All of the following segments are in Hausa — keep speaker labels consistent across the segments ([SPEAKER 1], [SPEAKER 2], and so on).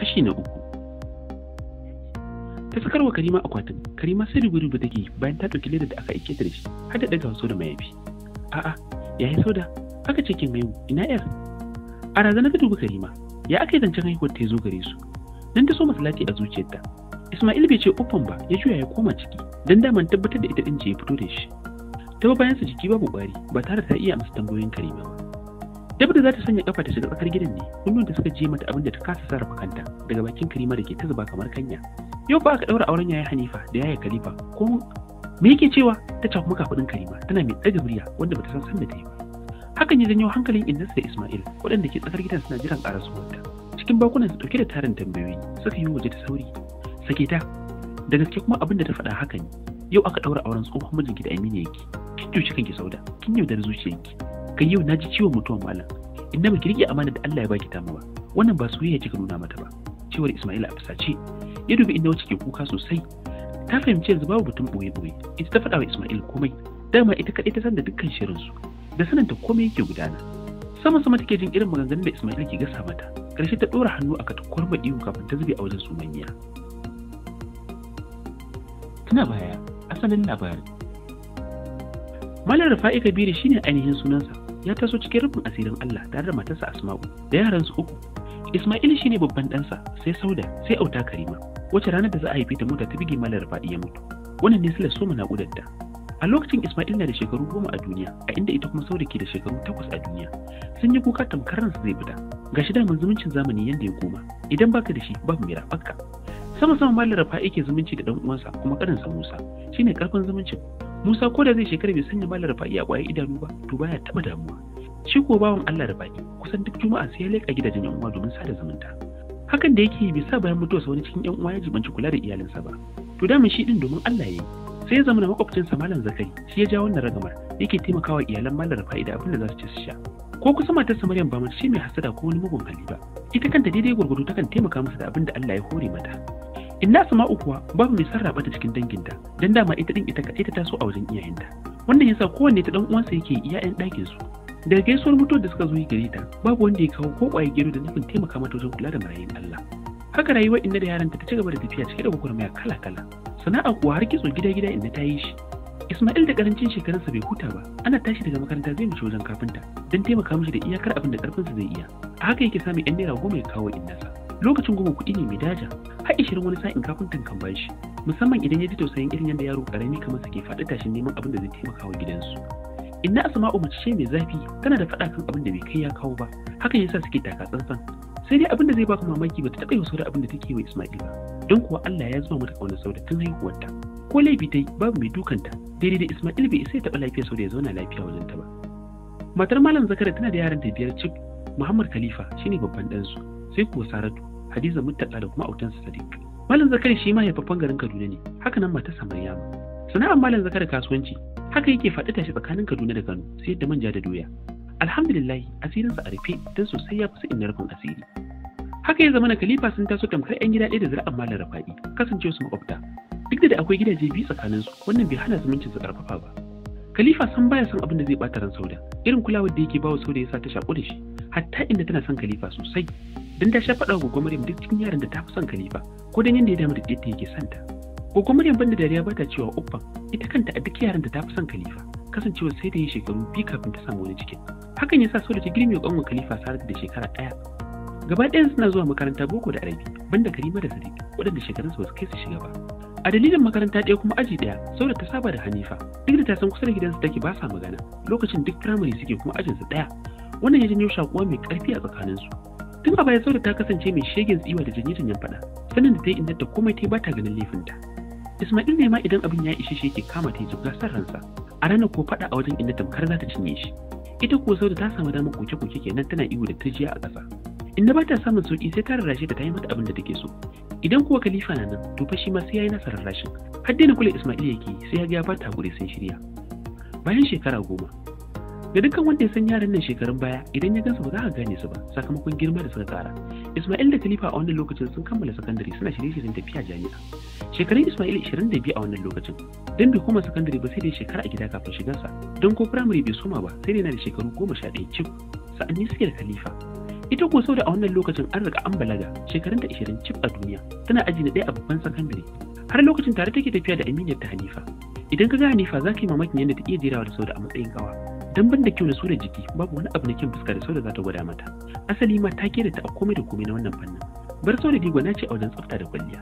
[SPEAKER 1] kashi na uku ta sakarwa karima akwatin karima sai rubu-rubu take bayan ta ɗauki leda da aka aike ta da shi har da ɗaga wasu da mayafi a'a yayi sauda aka ce kin haihu ina yar a razana ta dubi karima ya aka yi zancen haihuwar ta zo gare su nan ta so masalati a zuciyarta ismail bai ce uffan ba ya juya ya koma ciki don daman tabbatar da ita ɗin ce ya fito da shi ta bayan su jiki babu ƙwari ba tare ta iya amsa tambayoyin karima ba Dabda za ta sanya kafa ta shiga tsakar gidan ne, Kullum da suka je mata abin da ta kasa sarrafa kanta daga bakin Karima da ke ta zuba kamar kanya. Yau fa aka daura auren yaya Hanifa da yayin Khalifa ko me yake cewa ta cafi maka kudin Karima tana mai ɗaga murya wanda bata san san da ta yi ba. Hakan ya janyo hankalin Indus da Ismail waɗanda ke tsakar gidan suna jiran ƙarasuwarta. Cikin bakunan su ɗauke da tarin tambayoyi suka yi waje da sauri. Sake ta da gaske kuma abin da ta faɗa haka ne. Yau aka ɗaura auren tsohon mijinki da Aminu yake. Kin cuci kanki sauda, kin yaudar zuciyarki. kai yau na ji ciwon mutuwan malam inda ba rike amana da Allah ya baki tama ba wannan ba soyayya kika nuna mata ba cewar Ismaila a fusace ya dubi inda wacce ke kuka sosai ta fahimci yanzu babu batun boye boye ita ta faɗa wa Ismail komai dama ita kaɗai ta san da dukkan shirin su da sananta komai yake gudana sama sama take jin irin maganganun da Ismail ke gasa mata karshe ta ɗora hannu a katakwar maɗiyu kafin ta zube a wajen sumayya tuna baya asalin labarin malar rafa'i kabiri shine ainihin sunansa ya taso cikin rufin asirin Allah tare da matarsa Asma'u da yaransu uku. Ismail shine babban ɗansa sai Sauda sai Auta Karima Wace ranar da za a haife ta mota ta bige malar faɗi ya mutu. Wannan ne silar soma naƙudarta. A lokacin Ismail na da shekaru goma a duniya a inda ita kuma Sauda ke da shekaru takwas a duniya. Sun yi kuka tamkar ransu zai fita. Ga shi mun zumuncin zamani yanda ya koma idan baka da shi babu mai rafarka. Sama sama malar faɗi ke zumunci da ɗan uwansa kuma ƙarinsa Musa shine ƙarfin zumuncin Musa ko da zai shekara bai sanya malar rufa'i a ƙwayar idanu ba to baya taɓa damuwa. Shi ko bawan Allah rufa'i kusan duk juma'a sai ya leƙa gidajen yan uwa domin sada zumunta. Hakan da yake bai sa bayan mutuwarsa wani cikin yan uwa ya jibanci kula da iyalinsa ba. To da shi din domin Allah ya yi. Sai ya zama makwabcinsa Malam Zakari shi ya ja wannan ragamar yake taimakawa iyalan malar rufa'i da abin da za su ci su sha. Ko kusa matarsa Maryam ba mace mai hasada ko wani mugun hali ba. Ita kanta daidai gwargwado takan taimaka masa da abin da Allah ya hore mata. Inna sama kuwa babu mai sarrafa ta cikin danginta, don dama ita din ita kaɗai ta taso a wajen iyayenta. Wannan yasa kowanne ta dan uwansa yake iyayen ɗakin su. Daga gaisuwar mutuwar da suka zo yi gare ta, babu wanda ya kawo ko ƙwaye gero da nufin taimaka mata wajen kula da marayun Allah. Haka rayuwar Inna da yaranta ta ci gaba da tafiya cike da gwagwarmaya kala-kala. Sana'a kuwa har kitso gida-gida inda ta yi shi. Ismail da karancin shekarunsa bai huta ba, ana tashi daga makaranta zai mishi wajen kafinta don taimaka mishi da iyakar abin da ƙarfinsa zai iya. A haka yake samun 'yan naira goma ya kawo innasa. lokacin goma kuɗi ne mai daja har ishirin wani sa'in kafintan kan shi. musamman idan ya ji tausayin irin yadda yaro karami kamar su ke faɗi tashin neman abin da zai taimaka wa gidansu inna asma'u mace ce mai zafi tana da faɗa kan abin da bai kai ya kawo ba hakan yasa suke taka tsantsan sai dai abin da zai baka mamaki bata taɓa yi wasu abin da take wa Isma'il ba don kuwa Allah ya zuba mata ƙaunar sau da tun haihuwarta ko laifi dai babu mai dukanta daidai da Isma'il bai isa ya taɓa lafiya sau da ya zauna lafiya wajen ta ba matar malam zakara tana da ta biyar cik Muhammad Khalifa shine babban ɗansu sai kuwa Saratu hadiza Murtala da kuma autan sadiq malam zakari shi ma haifaffen garin kaduna ne haka nan samariya ma sana'ar malam zakari kasuwanci haka yake faɗi tashi tsakanin kaduna da kano sai da manja da doya alhamdulillah sa a rufe don sosai ya kusa inda rufin asiri haka ya zama na khalifa sun taso tamkar yan gida ɗaya da zira'an malam rafa'i kasancewa su makwabta duk da da akwai gidaje biyu tsakanin su wannan bai hana zumuncin su ƙarfafa ba khalifa san baya son abin da zai ɓata ran sauda irin kulawar da yake bawa sauda yasa ta shaƙu da shi hatta inda tana son khalifa sosai dan ta sha faɗa gogo Maryam duk cikin yaran da ta fi son Khalifa ko dan yanda ya dama da yadda yake santa gogo Maryam banda dariya ba ta cewa uffa ita kanta a duk yaran da ta fi son Khalifa kasancewa sai da yin shekaru biyu kafin ta samu wani cikin hakan ya sa Solo ta girme ƙanwan Khalifa Saratu da shekara ɗaya gaba ɗayan suna zuwa makaranta boko da arabi banda Karima da Sadiq waɗanda shekarunsu ba su kai su shiga ba a dalilin makaranta ɗaya kuma aji ɗaya saboda ta saba da Hanifa duk da ta san kusa da gidansu take ba sa magana lokacin duk firamare suke kuma ajinsu ɗaya wannan ya janyo shakuwa mai ƙarfi a tsakaninsu tun a baya saboda ta kasance mai shegen tsiwa da janye janyen faɗa sanin da ta yi inda ta komai ta yi bata ganin laifinta ismail ne ma idan abin ya ishe shi yake kama ta yi zuga san ransa a ranar ko faɗa a wajen inda tamkar za ta cinye shi ita kuwa sau ta samu damar koke-koke kenan tana ihu da turjiya a ƙasa inda ba ta samun sauki sai ta rarrashe ta yi mata abin da take so idan kuwa Kalifa na nan to fa shi ma sai ya yi nasa rarrashin har daina kula isma'il yake sai ya ga ba ta gure sun shirya bayan shekara goma ga dukkan wanda ya san yaran nan shekarun baya idan ya gansu ba za ka gane su ba sakamakon girma da suka kara Ismail da Khalifa a wannan lokacin sun kammala sakandare suna shirye-shiryen tafiya jami'a shekarun Ismail 22 a wannan lokacin don bai koma sakandare ba sai dai shekara a gida kafin shigarsa don ko firamare bai soma ba sai dai yana da shekaru goma sha ɗaya cif sa'anni suke da Khalifa ita ko sau da a wannan lokacin an riga an balaga da 20 cif a duniya tana aji na ɗaya a babban sakandare har lokacin tare take tafiya da aminiyar ta Hanifa idan ka ga Hanifa za ka yi mamakin yadda ta iya jerawa da sau da a matsayin kawa dan ban da kyau na surar jiki babu wani abu na kyan fuska da sauda za ta gwada mata asali ma ta kera ta a komai da komai na wannan fannin bar sauda d'Igo na ce a wajen tsafta da kwalliya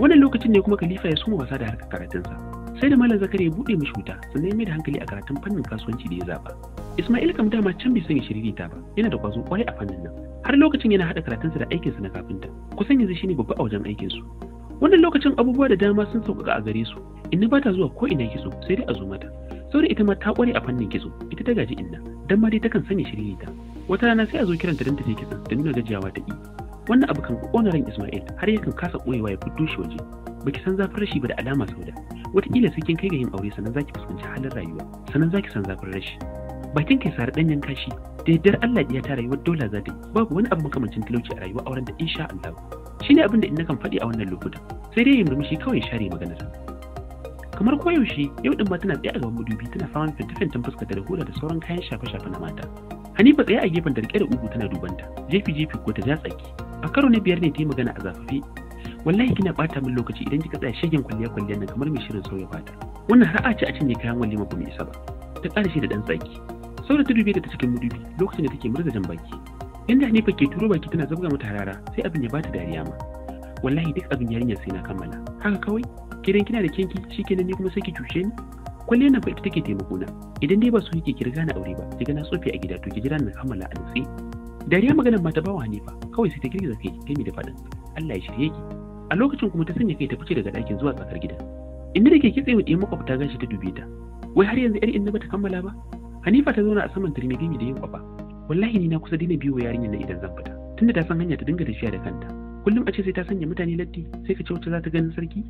[SPEAKER 1] wannan lokacin ne kuma khalifa ya suma wasa da harkar karatunsa sai da malam zakari ya buɗe mishi wuta sannan ya mai da hankali a karatun fannin kasuwanci da ya zaba ismail kam dama can bai sanya shiriri ta ba yana da kwazo kwarai a fannin nan har lokacin yana haɗa karatunsa da aikinsa na kafinta kusan yanzu shine babba a wajen aikinsu wannan lokacin abubuwa da dama sun sauƙaƙa a gare su inna ba ta zuwa ko ina kitso sai dai a zo mata saboda ita ma ta kware a fannin kitso ita ta gaji inna dan ma dai takan sani shiriri ta wata rana sai a zo kiranta dan ta je kitson da nuna gajiyawa ta yi wannan abu kan ƙona ran Ismail har yakan kasa ɓoyewa ya fito shi waje baki san zafin rashi ba da alama wata wataƙila sai kin kai ga yin aure sannan zaki fuskanci halin rayuwa sannan zaki san zafin rashi bakin kai sare ɗanyen kashi da yardar Allah ya ta rayuwar dola za ta yi babu wani abu makamancin talauci a rayuwa auren da insha Allah ne abin da in kan faɗi a wannan lokutan sai dai ya murmushi kawai share maganar kamar koyaushe yau din ma tana tsaye a gaban madubi tana fama fintifin fuskata da hula da sauran kayan shafe-shafe na mata hanifa tsaye a gefen da rike da ugu tana dubanta jefi-jefi ko ta ja tsaki a karo na biyar ne ta yi magana a zafafe wallahi kina bata min lokaci idan kika tsaya shagen kwalliya kwalliya nan kamar mai shirin sauya fata wannan har a ce a cinye kayan walima ba mai isa ba ta ƙara shi da dan tsaki da ta dube da ta cikin madubi lokacin da take murza jan baki inda hanifa ke turo baki tana zabga mata harara sai abin ya bata dariya ma wallahi duk abin yarinyar sai na kammala haka kawai kiran kina da kinki shikenan ni kuma sai ki cuce ni kwalle na ita take taimako na idan dai ba su yake kirga na aure ba kiga na tsofi a gida to ki jira na kammala a nutse dariya maganar mata ba wani ba kawai sai ta girgiza kai gami da faɗin Allah ya shirye ki a lokacin kuma ta sanya kai ta fice daga ɗakin zuwa tsakar gida inda da ke kitse wa ɗaya makwabta gashi ta dube ta wai har yanzu 'yar inda bata kammala ba Hanifa ta zauna a saman turmi gami da yin kwafa wallahi ni na kusa daina biyo yarinyar na idan zan fita tunda ta san hanya ta dinga tafiya da kanta kullum a ce sai ta sanya mutane latti sai ka ce wacce za ta ganin sarki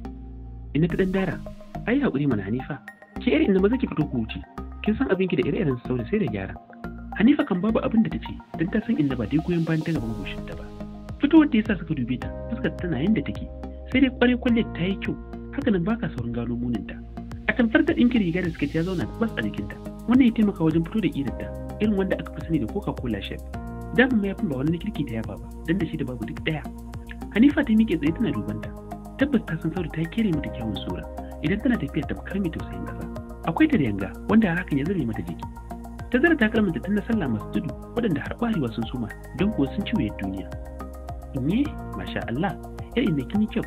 [SPEAKER 1] ina ta dan dara ai hakuri mana hanifa ke irin na maza ki fito ku wuce kin san ki da ire-iren sau sai da gyara hanifa kan babu abin da ta ce don ta san inda ba dai goyon bayan ta gaban goshin ta ba fitowar da yasa suka dube ta fuskar tana yanda take sai dai kwarai kwalle ta yi kyau haka nan baka saurin gano munin ta a tamfar da ɗinki riga da suka ya zauna bas a jikinta wannan ya taimaka wajen fito da irin ta irin wanda aka fi sani da coca cola shef ya mayafin ba wani kirki da yaba ba dan da shi da babu duk ɗaya Hanifa ta miƙe tsaye tana duban ta. Tabbas ta san Saudu ta kere mata kyawun sura. Idan tana tafiya ta bakar mai tausayin ƙasa. Akwai ta da yanga wanda har hakan ya zare mata jiki. Ta zara takalmanta tun na sallah masu tudu waɗanda har ƙwarewa sun suma don kuwa sun ci wuyar duniya. Inye, masha Allah, yar inda kin yi kyau.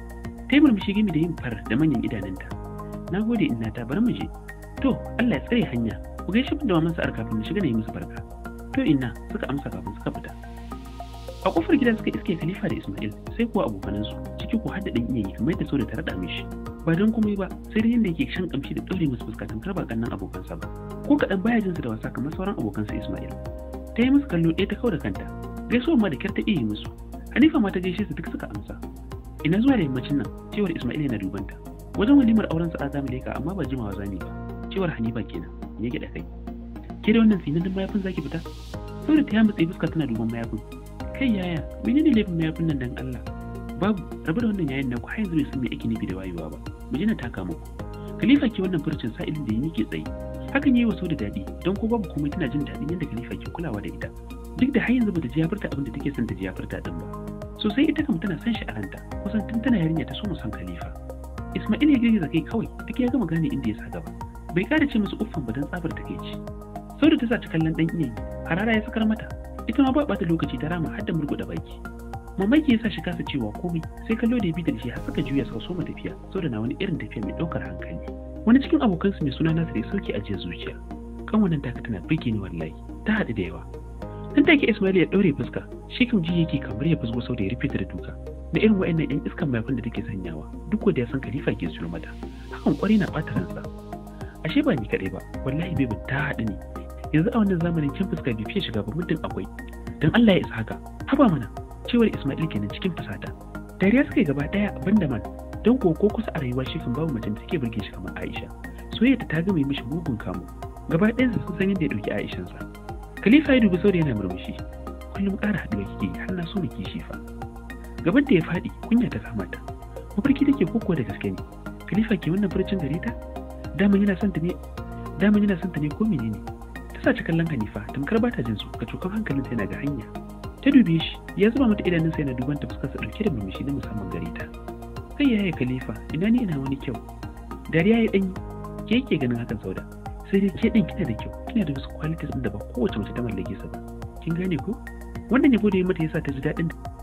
[SPEAKER 1] Ta yi murmushi gami da yin far da manyan idanunta. Na gode ina ta bar mu je. To, Allah ya tsare hanya. Ku gaishe da mamansa ar kafin na shiga na yi musu barka. To ina suka amsa kafin suka fita. a kofar gidan suka iske Khalifa da Ismail sai kuwa su ciki ku hada dan iyayi kamar da sau da ta rada mishi ba don kuma ba sai dai yadda yake shan kamshi da ɗaure musu fuska tamkar ba kannan abokansa ba ko kaɗan baya jinsu da wasa kamar sauran abokansa Ismail ta yi musu kallo ɗaya ta kau da kanta gaisuwar ma da kyar ta iya yi musu Hanifa ma ta gaishe su duk suka amsa ina zuwa da yammacin nan cewar Ismail yana dubanta wajen walimar auren sa azami Leka amma ba jimawa zani ba cewar Hanifa kenan ya gida kai ke da wannan mayafin zaki fita saboda ta yi matsayi fuska tana duban mayafin kai yaya menene laifin mayafin nan dan Allah babu rabu da wannan yayin nan ku har yanzu bai san me ake nufi da wayewa ba mu jina taka muku khalifa ke wannan furucin sa'ilin da yake tsaye hakan yayi wasu da dadi don ko babu komai tana jin dadin yadda khalifa ke kulawa da ita duk da har yanzu bata ji abin da take son ta ji ya furta din ba sosai ita kam tana san shi a ranta kusan tun tana yarinya ta so mu san khalifa Ismail ya girgiza kai kawai duk ya gama gane inda ya sa gaba bai kare ce musu uffan ba don tsabar take ci sau da ta sa ta kallon dan iyayi harara ya sakar mata ita ma ba bata lokaci ta rama har da da baki mamaki ya sa shi kasa cewa komai sai kallo da ya da shi har suka juya suka soma tafiya da na wani irin tafiya mai ɗaukar hankali wani cikin abokansu mai suna Nasiru ya sauke ajiye zuciya kan wannan taka tana bige ni wallahi ta haɗu da yawa nan take Ismail ya ɗaure fuska shi kan ji yake kamar ya fusgo sau da ya rufe ta da duka Na irin wa'annan yan iskan mayafin da take sanyawa duk wanda ya san Khalifa ke zuru mata hakan kwari na ɓata ransa ashe ba ni kaɗai ba wallahi bebin ta haɗu ne yanzu a wannan zamanin kyan fuska bai fiye shiga ba muddin akwai don Allah ya isa haka haba mana cewar Ismail kenan cikin fusata dariya suka yi gaba daya da man don koko ko kusa a rayuwa shi kan babu mutum da take burge shi kamar Aisha soyayya ta mai mishi mugun kamo gaba ɗayan sun san yadda ya dauki Aishansa. sa Khalifa ya dubi saboda yana murmushi kullum ƙara haɗuwa kike har na so miki shi fa gaban da ya faɗi kunya ta kama ta mafarki take kokowa da gaske ne Khalifa ke wannan furcin gare ta daman yana son ta ne daman yana son ta ne ko menene ta kallon Hanifa tamkar ba ta jin su kacokan hankalin yana ga hanya. Ta dube shi ya zuba mata idanun idanunsa na duban ta sa dauke da murmushi na musamman gare ta. Kai yaya kalifa. ina ni ina wani kyau. Dariya ya dan ke ke ganin hakan sauda. Sai dai ke ɗin kina da kyau kina da wasu qualities in da ba kowace mace ta mallake sa ba. Kin gane ko? Wannan ne mata ya mata yasa ta ji daɗin